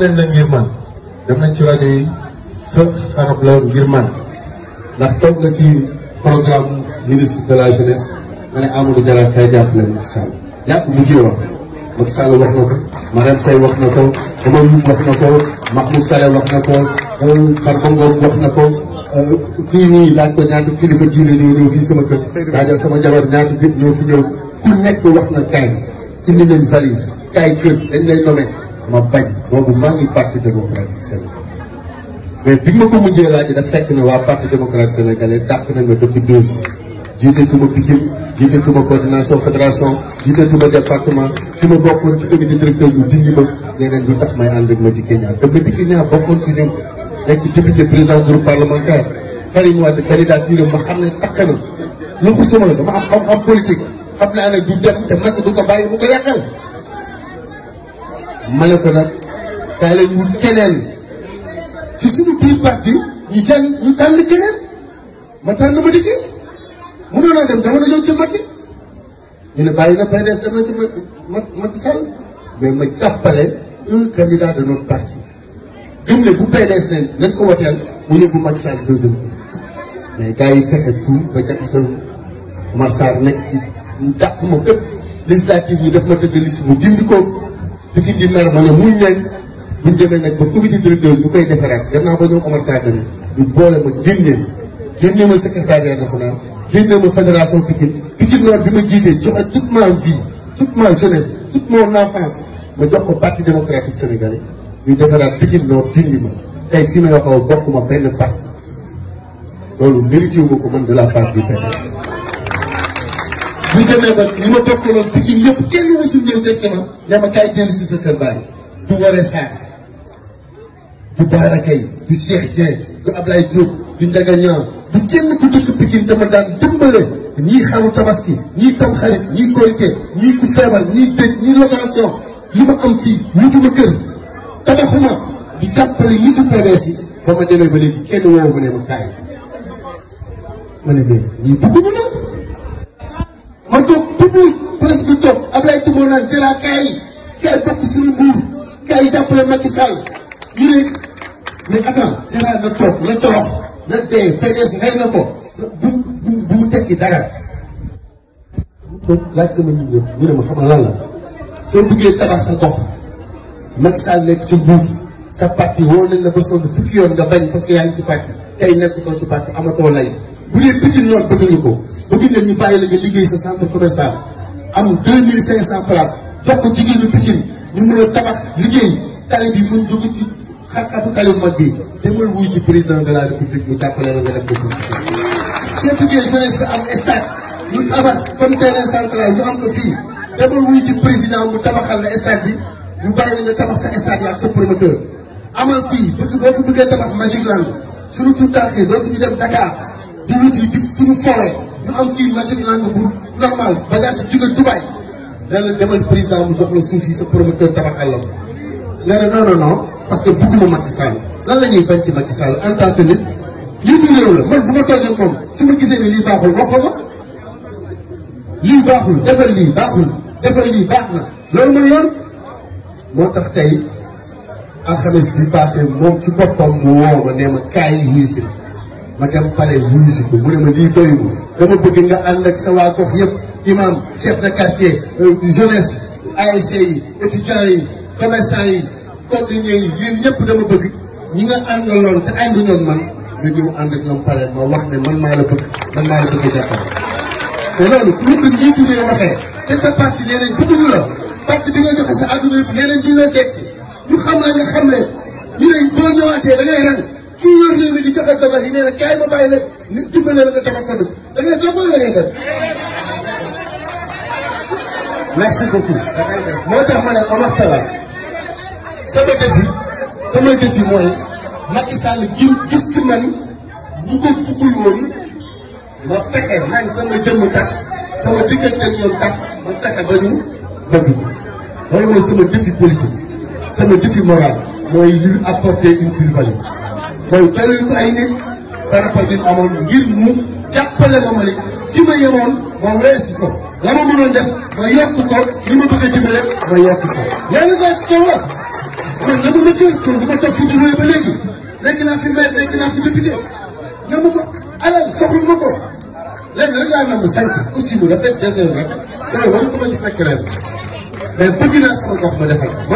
leen la ngir man dem nañ ci rajo yi fépp ngir man ndax toog nga ci programme ministre de la jeunesse ma ne Amadou Diarra kay jàppale Macky Sall jàpp mujjee wax Macky Sall wax na ko Marème Faye wax na ko Omar Youm wax na ko Mahmoud Saleh wax na ko euh, Farba wax na ko euh, kii nii laaj ko ñaata kilifa diine ñoo ñëw fii sama kër laajal sama jabar ñaata nit ñoo fi ñëw ku nekk wax na kaay indi leen valise kaay kër dañ lay nommer ma bañ boobu maa ngi parti démocratique sénégalais mais bi ma ko mujjee laaj daf fekk ne waa parti démocratique sénégalais dàq nañ ma depuis deux jours jiitatuma Pikine jiitatuma coordination fédération jiitatuma département fi ma bokkoon ci comité directeur yu diggi ma ñeneen lu ma dikkee ñaar dama dikkee ñaar bokkoon ci ñoom nekk député président groupe parlementaire Karim Wade candidature ma xam ne takk na lu xusuma dama xam-xam politique xam naa ne du dem du ko bàyyi bu ko yàqal ma ne ko nag kaay lañ wut keneen ci suñu biir parti ñu jàll ñu tànn keneen ma tànn ma dikki mënoon naa dem dama la ñëw ci Macky ñu ne bàyyi na PDS dem na ci Macky Sall mais ma jàppale un candidat de notre parti ko woteel mu yóbbu mais gars fexe tout ba jaxasoo Omar Sarr nekk ci dàq ma bépp législative yi daf ma tëdd liste mu dindi ko dugub ji mer ma ne muñ leen buñ demee nag ba comité de bi ñu koy defaraat dem naa ba ñoo commencé à demee ñu boole ma génne génne ma secrétariat national génne ma fédération Pikine Pikine Nord bi ma jiitee joxe toute ma vie toute ma jeunesse toute jox ko parti démocratique sénégalais ñu defaraat Pikine Nord dindi ma tey fii ma waxoon bokk ma benn parti loolu mérité wu ko man de la part du PDS. bu demee ba li ma bokkaloon Pikine yëpp kenn mësul ñëw seet sama ne ma kaay dellu si sa kër baay du waree saar du baarakay du Cheikh Dieng du Ablaye Diop du Ndiaga Niang du kenn ku dëkk Pikine dama daan dimbale ñii xaru tabaski ñii tam xarit ñii korité ñii ku feebar ñii dëj ñii location li ma am fii wutuma kër tabaxuma di jàppale ñi ci PDS yi ba ma demee ba léegi kenn woowu ma ne ma kaay ma ne mais ñii bëgguñu na naan Diarra kay kay bokk suñu nguur kay jàppale Macky Sall ñu ne mais attends Diarra na toog na torox na dee PDS ko bu bu bu dara. kon laaj sama nit ñëpp ma xamal lan la soo bëggee sa gox Macky Sall nekk ci nguur sa parti yoon nga bañ ci parti tey nekk ko ci parti amatoo lay bu dee Pikine noonu bëgguñu ko bëgg nañ ñu bàyyi la nga liggéey sa centre commercial. am deux mille cinq cent places jox ko jigéenu Pikine ñu mën a tabax liggéey tali bi mun jóge ci xar-xatu tali mag bi demal wuy ci président de la république ñu jàppale la nga def dëkk bi. seen liggéey jeunesse bi am wuy ci président mu tabaxal la stade bi ñu bàyyi la nga tabax sa stade la ak sa promoteur. amal fii bëgg boo fi bëggee su Magic Land suñu tur tànk yi dootuñu dem Dakar di wuti di suñu forêt ñu am fii Magic Land bu. normal bagage si jóge Dubaï ne la demal président mu jox la suuf yi sa promoteur tabaxal la ko nga ne non parce que bëgguma Macky Sall lan la ñuy bañ ci Macky Sall en tant que lii fi la man bu ma toogee moom su ma gisee ne lii baaxul wax ko ma lii baaxul defal lii baaxul defal lii baax na loolu mooy yoon moo tax tey alxames bi passé moom ci boppam mu woo ma nee kaay yi si ma dem pale wuyu si ko mu ne ma lii doyul dama bëgg nga ànd ak sa waa yëpp imam chef de quartier euh, jeunesse ASC yi étudiants yi commerçant yi cordonniers yi yéen ñëpp dama bëgg ñi nga àndaloon te ànduñoo ak man nga ñëw ànd ak ñoom pale ma wax ne man maa la bëgg man maa la bëgg jàppale te loolu lu ko ñuy waxee te sa parti nee nañ bëgguñu la bi nga joxe sa adduna yëpp nee nañ duñ la ñu xam la nga xam ne ñu ne boo ñëwaatee da ngay rang ku yor réew mi di joxe dogal yi nee na kaay ma bàyyi la nit dimbale la nga defar sa dëkk da ngay topp la ngay def. merci beaucoup. moo tax ma ne Omar Talla sama défi ak ñoom tax ma fexe ba ñu mooy mooy sama défi politique sama défi moral mooy lu apporter une mooy doyluñ ko ay nit par rapport bi mu amoon ngir mu jàppale ma ma ni fi ma yemoon ma weesu ko la ma mënoon def ma yokk ko li ma bëgg a dimbale ma yokk ko loolu laa ci toll la man na ma nëkk kon du ma toog fi di wéy ba léegi nekk naa fi maire nekk naa fi député na ma ko alal soxla ma ko léegi rek laa nam sañ si aussi lu rafet desin rek loolu war ko ma ñu fekk ren mais bëgg naa sama gox ma defal